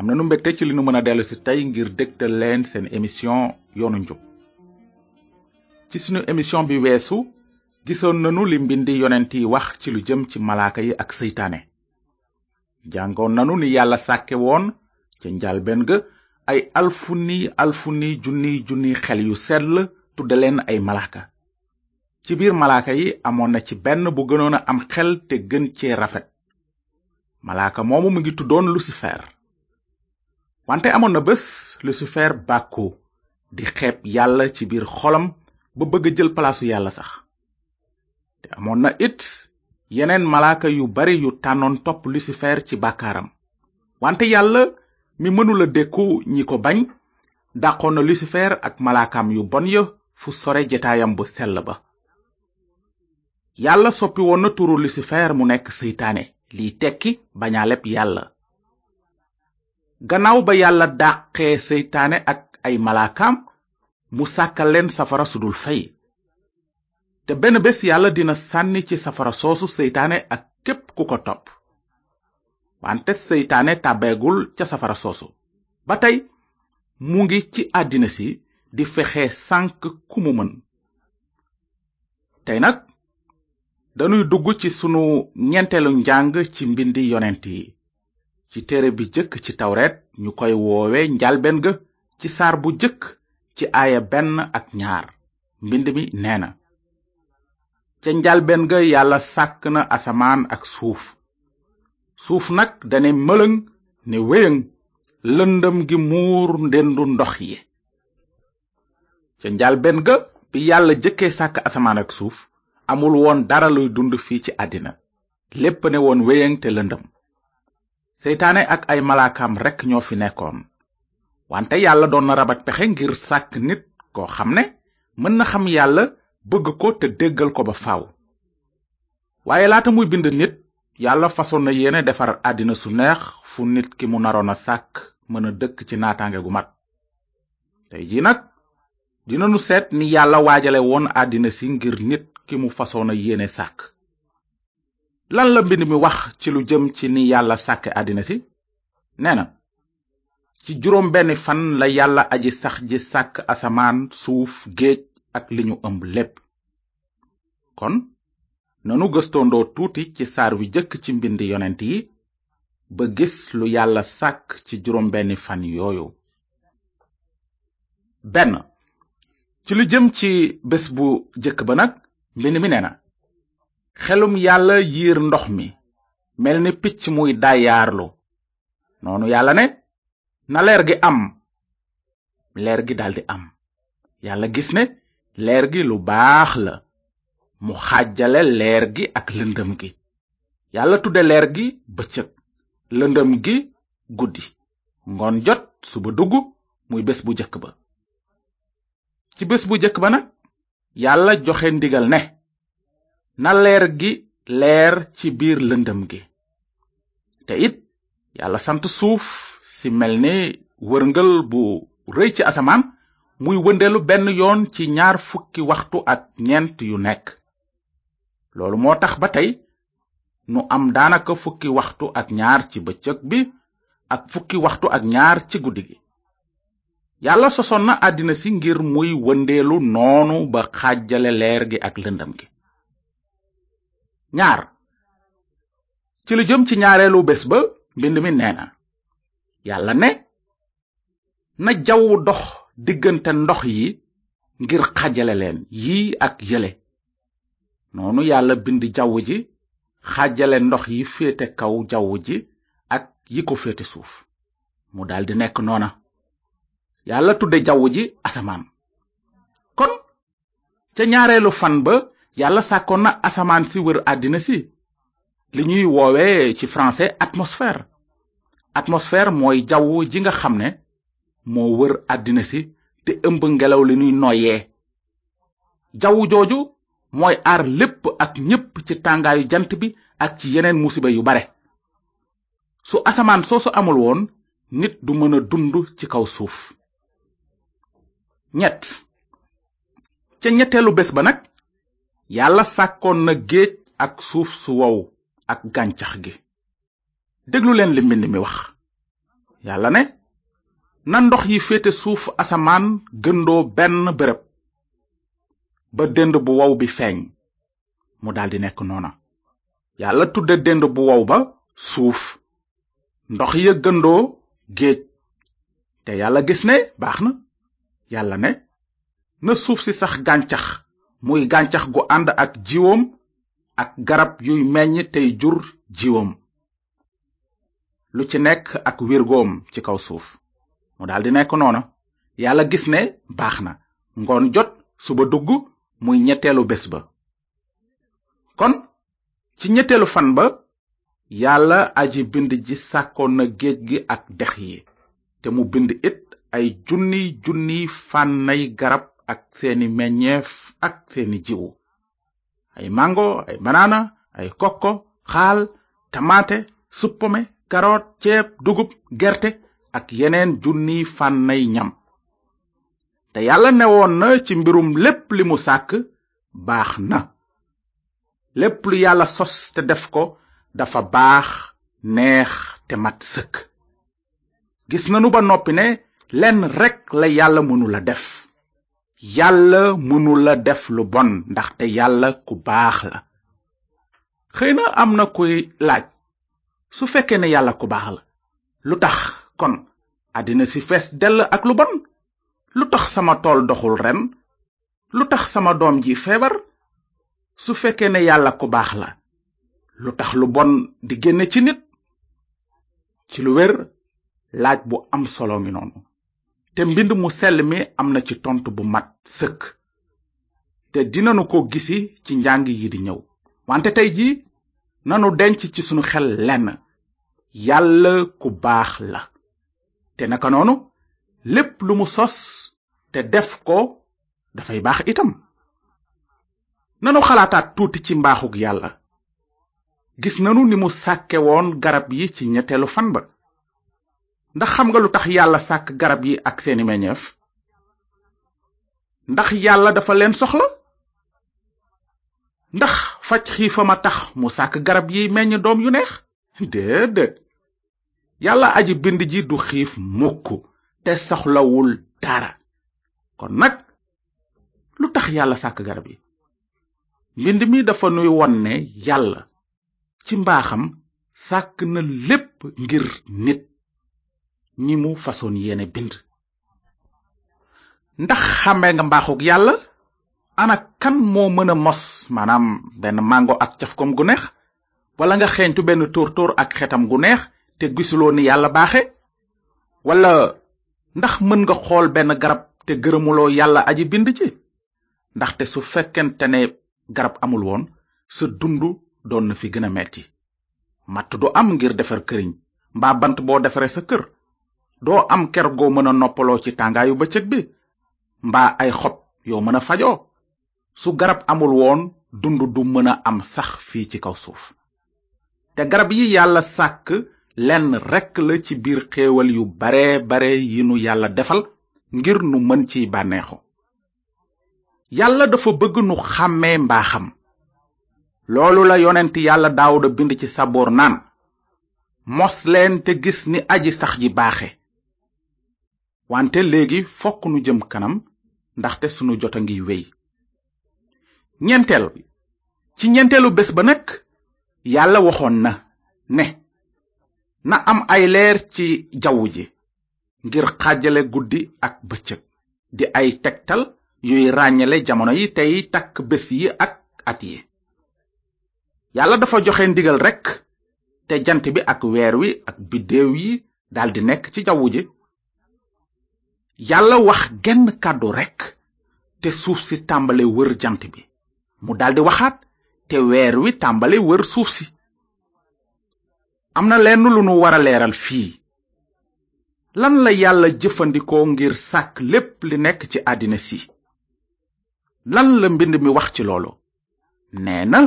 am na nu mbégte ci li nu mën a dellu si tey ngir dégtal leen seen émission yoonu njub ci sunu émission bi weesu gisoon nanu li mbindi yonent yi wax ci lu jëm ci malaaka yi ak seytaane jàngoon nanu ni yàlla sàkke woon ca njalbeen ga ay alfuni alfuni junni junni xel yu sell tudde leen ay malaaka ci biir malaaka yi amoon na ci benn bu gënoon a am xel te gën cee rafet malaaka moomu mu ngi tuddoon lucifer wante amoon na bés lucifer bàkku di xeeb yàlla ci biir xolam ba bëgg jël palaasu yàlla sax te amoon na it yeneen malaaka yu bari yu tànnoon topp lucifer ci bàkkaaram wante yàlla mi mënula dékku ñi ko bañ dàqoon na lucifer ak malaakaam yu bon ya fu sore jetaayam bu sell ba yàlla soppi woon na turu lucifer mu nekk seytaane liy tekki bañaaleb yàlla gannaaw ba yàlla dàqee seytaane ak ay malaakaam mu sàkkal leen safara sudul fey te benn bés yàlla dina sànni ci safara soosu seytaane ak képp ku ko topp wante seytaane tàbbeegul ca safara soosu ba tey mu ngi ci àddina si di fexe sànk ku mu mën tey nag danuy dugg ci sunu ñeenteelu njàng ci mbindi yonent yi ci téere bi jëkk ci tawret ñu koy woowe njalbeen ga ci saar bu jëkk ci aaya benn ak ñaar mbind mi neena ca njalbeen ga yàlla sàkk na asamaan ak suuf suuf nag dane mëlëng ne wéyëng lëndëm gi muur ndendu ndox yi ca njalbeen ga bi yàlla jëkke sàkk asamaan ak suuf amul woon dara luy dund fii ci àddina lépp ne woon wéyëng te lëndëm seytaane ak ay malaakaam rekk ñoo fi nekkoon wante yàlla doon na rab pexe ngir sàkk nit koo xam ne mën na xam yàlla bëgg ko te déggal ko ba faaw waaye laata muy bind nit yàlla fasoon na yéene defar àddina su neex fu nit ki mu naroon a sàkk mën a dëkk ci naataange gu mat tey jii nag dinanu seet ni yàlla waajale woon àddina si ngir nit ki mu fasoon a yéene sàkk lan la mbind mi wax ci lu jëm ci ni yàlla sàkk àddina si nee na ci juróom benn fan la yàlla aji sax ji sàkk asamaan suuf géej ak li ñu ëmb lépp kon nanu gëstoondoo tuuti ci saar wi jëkk ci mbind yonent yi ba gis lu yàlla sàkk ci juróom benn fan yooyu benn ci lu jëm ci bés bu jëkk ba nag mbind mi nee xelum yàlla yiir ndox mi mel ni picc muy dayaarlu noonu yàlla ne na leer gi am leer gi daldi am yàlla gis ne leer gi lu baax la mu xajale leer gi ak lëndëm gi yàlla tudde leer gi bëccëg lëndëm gi guddi ngoon jot suba dugg muy bés bu jëkk ba ci bés bu jëkk ba na yàlla joxe ndigal ne na leer gi leer ci biir lëndëm gi te it yàlla sant suuf si mel ni wërngël bu rëy ci asamaan muy wëndeelu benn yoon ci ñaar fukki waxtu ak ñeent yu nekk loolu moo tax ba tey nu am daanaka fukki waxtu ak ñaar ci bëccëg bi ak fukki waxtu ak ñaar ci guddi gi yàlla sosoon na àddina si ngir muy wëndeelu noonu ba xaajale leer gi ak lëndëm gi ñaar ci lu jëm ci ñaareelu bés ba mbind mi nee yàlla ne na jawwu dox diggante ndox yi ngir xaajale leen yii ak yële noonu yàlla bind jaww ji xajale ndox yi féete kaw jawwu ji ak yi ko féete suuf mu daldi nekk noona yàlla tudde jaww ji asamaan kon ca ñaareelu fan ba yàlla sàkkoon na asamaan si wër àddina si li ñuy woowe ci français atmosphère atmosphère mooy jaww ji nga xam ne moo wër àddina si te ëmb ngelaw li ñuy noyyee jaww jooju mooy aar lépp ak ñépp ci tàngaayu jant bi ak ci yeneen musiba yu bare su asamaan soo su amul woon nit du mën a dund ci kaw suuf ñett ca ñetteelu bés ba nag yàlla sàkkoon na géej ak suuf su wow ak gàncax gi déglu leen li mbind mi wax yàlla ne na ndox yi féete suuf asamaan gëndoo benn bërëb ba dënd bu wow bi feeñ mu daldi nekk noona yàlla tudde dënd bu wow ba suuf ndox ya gëndoo géej te yàlla gis ne baax na yàlla ne na suuf si sax gàncax muy gàncax gu ànd ak jiwoom ak garab yuy meññ tey jur jiwoom lu ci nekk ak wirgoom ci kaw suuf mu daldi nekk noona yàlla gis ne baax na ngoon jot suba dugg muy ñetteelu bés ba kon ci ñetteelu fan ba yàlla aji bind ji sàkkoon na géej gi ak dex yi te mu bind it ay junniy junniy fànnay garab ak seeni meññeef ak seeni jiwu ay mango ay banaana ay kokko xaal tamaate suppome karoot ceeb dugub gerte ak yeneen junniy fànnay ñam te yàlla ne woon na ci mbirum lépp li mu sàkk baax na lépp lu yàlla sos te def ko dafa baax neex te mat sëkk gis nanu ba noppi ne lenn rekk la yàlla mënula def yàlla mënula def lu bon ndaxte yàlla ku baax la xëy na am na kuy laaj su fekkee ne yàlla ku baax la lu tax kon àddina si fees dell ak lu bon lu tax sama tool doxul ren lu tax sama doom ji feebar su fekkee ne yàlla ku baax la lu tax lu bon di génne ci nit ci lu wér laaj bu am solo ngi noonu te mbind mu sell mi am na ci tontu bu mat sëkk te dinanu ko gisi ci njàng yi di ñëw wante tey ji nanu denc ci sunu xel lenn yàlla ku baax la te naka noonu lépp lu mu sos te def ko dafay baax itam nanu xalaataat tuuti ci mbaaxug yàlla gis nanu ni mu sàkke woon garab yi ci ñetteelu fan ba ndax xam nga lu tax yàlla sàkk garab yi ak seeni meññeef ndax yàlla dafa leen soxla ndax faj xiifam a tax mu sàkk garab yi meññ doom yu neex déedéet yàlla aji bind ji du xiif mukk te soxlawul dara kon nag lu tax yàlla sàkk garab yi mbind mi dafa nuy won ne yàlla ci mbaaxam sàkk na lépp ngir nit ñi façon fasoon yéene bind ndax xàmmee nga mbaaxug yàlla ana kan moo mën a mos maanaam benn màngo ak cafkom gu neex wala nga xeeñtu benn tóortóor ak xetam gu neex te gisuloo ni yàlla baaxe wala ndax mën nga xool benn garab te gërëmuloo yàlla aji bind ci ndaxte su fekkente ne garab amul woon sa dund doon na fi gën a metti matt du am ngir defar këriñ mbaa bant boo defare sa kër doo am ker goo mën a noppaloo ci tàngaayu bëccëg bi mbaa ay xob yoo mën a fajoo su garab amul woon dund du mën a am sax fii ci kaw suuf te garab yi yàlla sàkk lenn rekk la ci biir xéewal yu bare bare yi nu yàlla defal ngir nu mën ciy bànneexu yàlla dafa bëgg nu xàmmee mbaaxam loolu la yonent yàlla daawuda bind ci saboor naan mos leen te gis ni aji sax ji baaxe wante léegi fokk nu jëm kanam ndaxte sunu jot a ngi wéy ñeenteel ci ñeenteelu bés ba nag yàlla waxoon na ne na am ay leer ci jaww ji ngir xaajale guddi ak bëccëg di ay tegtal yuy ràññale jamono yi tey takk bés yi ak at yi yàlla dafa joxe ndigal rekk te jant bi ak weer wi ak biddéew yi daldi nekk ci jaww ji yàlla wax genn kàddu rekk te suuf si tàmbale wër jant bi mu daldi waxaat te weer wi tàmbale wër suuf si am na lenn lu nu war a leeral fii lan la yàlla jëfandikoo ngir sàkk lépp li nekk ci àddina si lan la mbind mi wax ci loolu nee na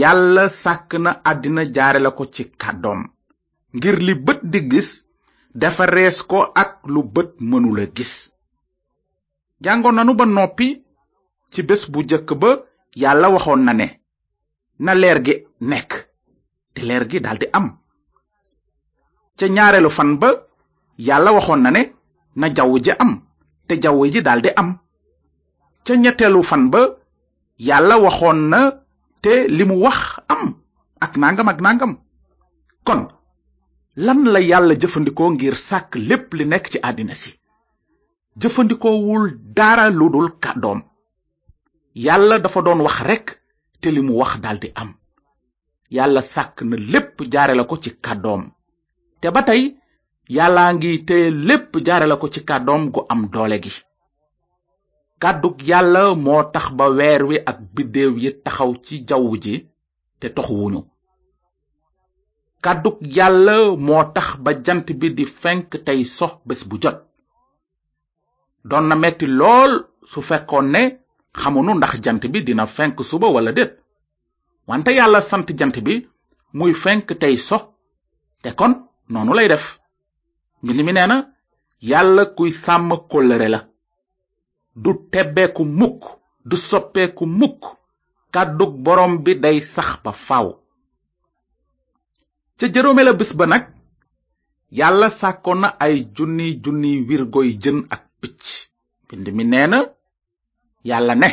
yàlla sàkk na àddina jaare la ko ci kàddoom ngir li bët di gis dafa rees ko ak lu bët mënula gis jàngoon nanu ba noppi ci bés bu jëkk ba yàlla waxoon na ne na leer gi nekk te leer gi daldi am ca ñaareelu fan ba yàlla waxoon na ne na jaww ji am te jaww ji daldi am ca ñetteelu fan ba yàlla waxoon na te li mu wax am ak nangam ak nangam kon lan la yàlla jëfandikoo ngir sàkk lépp li nekk ci àddina si jëfandikoowul dara lu dul kàddoom yàlla dafa doon wax rekk te li mu wax daldi am yàlla sàkk na lépp jaare la ko ci kàddoom te ba tey yàllaa ngi téye lépp jaare la ko ci kàddoom gu am doole gi kàddug yàlla moo tax ba weer wi ak biddéew yi taxaw ci jaww ji te toxuwuñu kàddug yàlla moo tax ba jant bi di fenk tey sox bés bu jot doon na metti lool su fekkoon ne xamunu ndax jant bi dina fenk suba wala déet wante yàlla sant jant bi muy fenk tey sox te kon noonu lay def mbind mi nee na yàlla kuy sàmm kóllëre la du tebbeeku mukk du soppeeku mukk kàddug borom bi day sax ba faw ca juróomeela bés ba nag yàlla sàkkoon na ay junni junni wirgoy jën ak picc bind mi nee na yàlla ne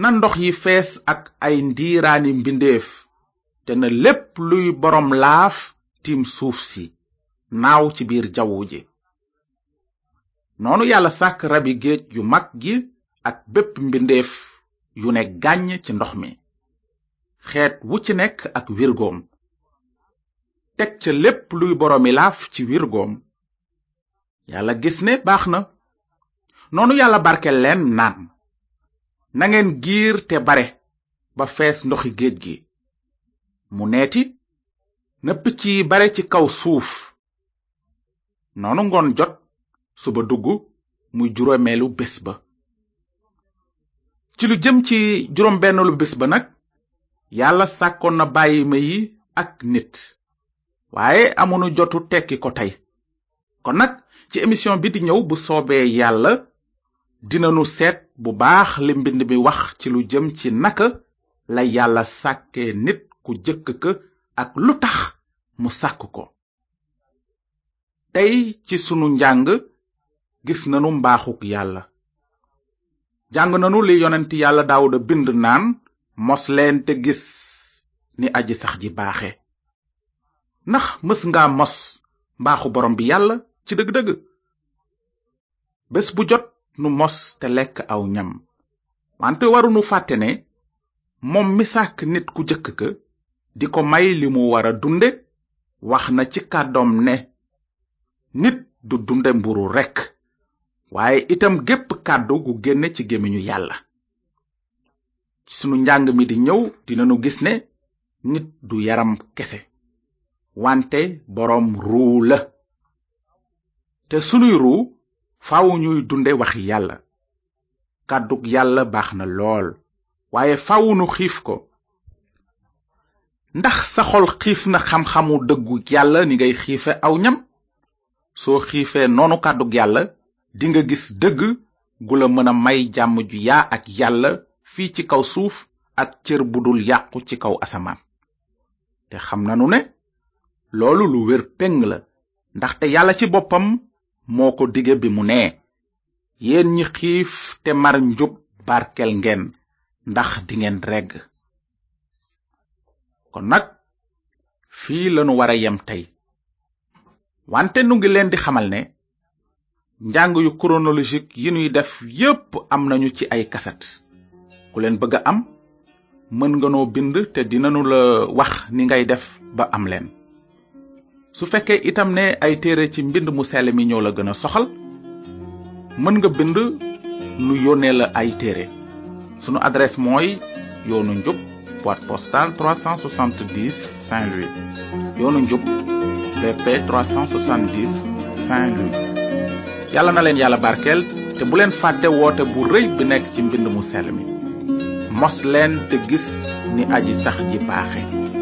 na ndox yi fees ak ay ndiiraani mbindeef te na lépp luy boroom laaf tiim suuf si naaw ci biir jawwu ji noonu yàlla sàkk rabi géej yu mag yi ak bépp mbindeef yu ne gàññ ci ndox mi xeet wu ci nekk ak wirgoom teg ca lépp luy boroomi laaf ci wirgoom yàlla gis ne baax na noonu yàlla barkeel leen naan nangeen giir te bare ba fees ndoxi géej gi mu neeti na picc yi bare ci kaw suuf noonu ngoon jot suba dugg muy juróomeelu bés ba ci lu jëm ci juróom benn lu bés ba nag yàlla sàkkoon na bàyyima yi ak nit waaye amunu jotu tekki ko tey kon nag ci émission bi di ñëw bu soobee yàlla dina nu seet bu baax li mbind bi wax ci lu jëm ci naka la yàlla sàkkee nit ku jëkk ka ak lu tax mu sàkk ko tey ci sunu njàng gis nanu mbaaxuk yàlla jàng nanu li yonent yàlla daawuda bind naan mos leen te gis ni aji sax ji baaxe ndax mës nga mos mbaaxu borom bi yàlla ci dëgg-dëgg bés bu jot nu mos te lekk aw ñam wante warunu fàtte ne moom mi sàkk nit ku jëkk ka di ko may li mu wara dunde wax na ci kàddoom ne nit du dunde mburu rekk waaye itam gépp kàddu gu génne ci gémmiñu yàlla sunu njàng mi di ñëw dinanu gis ne nit du yaram kese wante boroom ruu la te sunuy ruu faaw ñuy dunde wax yàlla kàddug yàlla baax na lool waaye faaw nu xiif ko ndax sa xol xiif na xam-xamu dëggu yàlla ni ngay xiife aw ñam soo xiifee noonu kàddug yàlla dinga gis dëgg gu la mën a may jàmm ju yaa ak yàlla fii ci kaw suuf ak cër bu dul yàqu ci kaw asamaan te xam nanu ne loolu lu wér péng la ndaxte yàlla ci boppam moo ko dige bi mu nee yéen ñi xiif te mar njub barkel ngeen ndax dingeen regg kon nag fii lanu wara yem tey wante nu ngi leen di xamal ne njàng yu chronologique yi nuy def yépp am nañu ci ay kaset ku leen bëgg a am mën nga noo bind te dinanu la wax ni ngay def ba am leen su fekkee itam ne ay téere ci mbind mu sell mi ñoo la gën a soxal mën nga bind nu yónnee la ay téere sunu adresse mooy yoonu njub boîte postale 370 Saint-Louis yoonu njub BP 370 Saint-Louis yàlla na leen yàlla barkeel te bu leen fàtte woote bu rëy bi nekk ci mbind mu sell mi mos leen te gis ni aji sax ji baaxe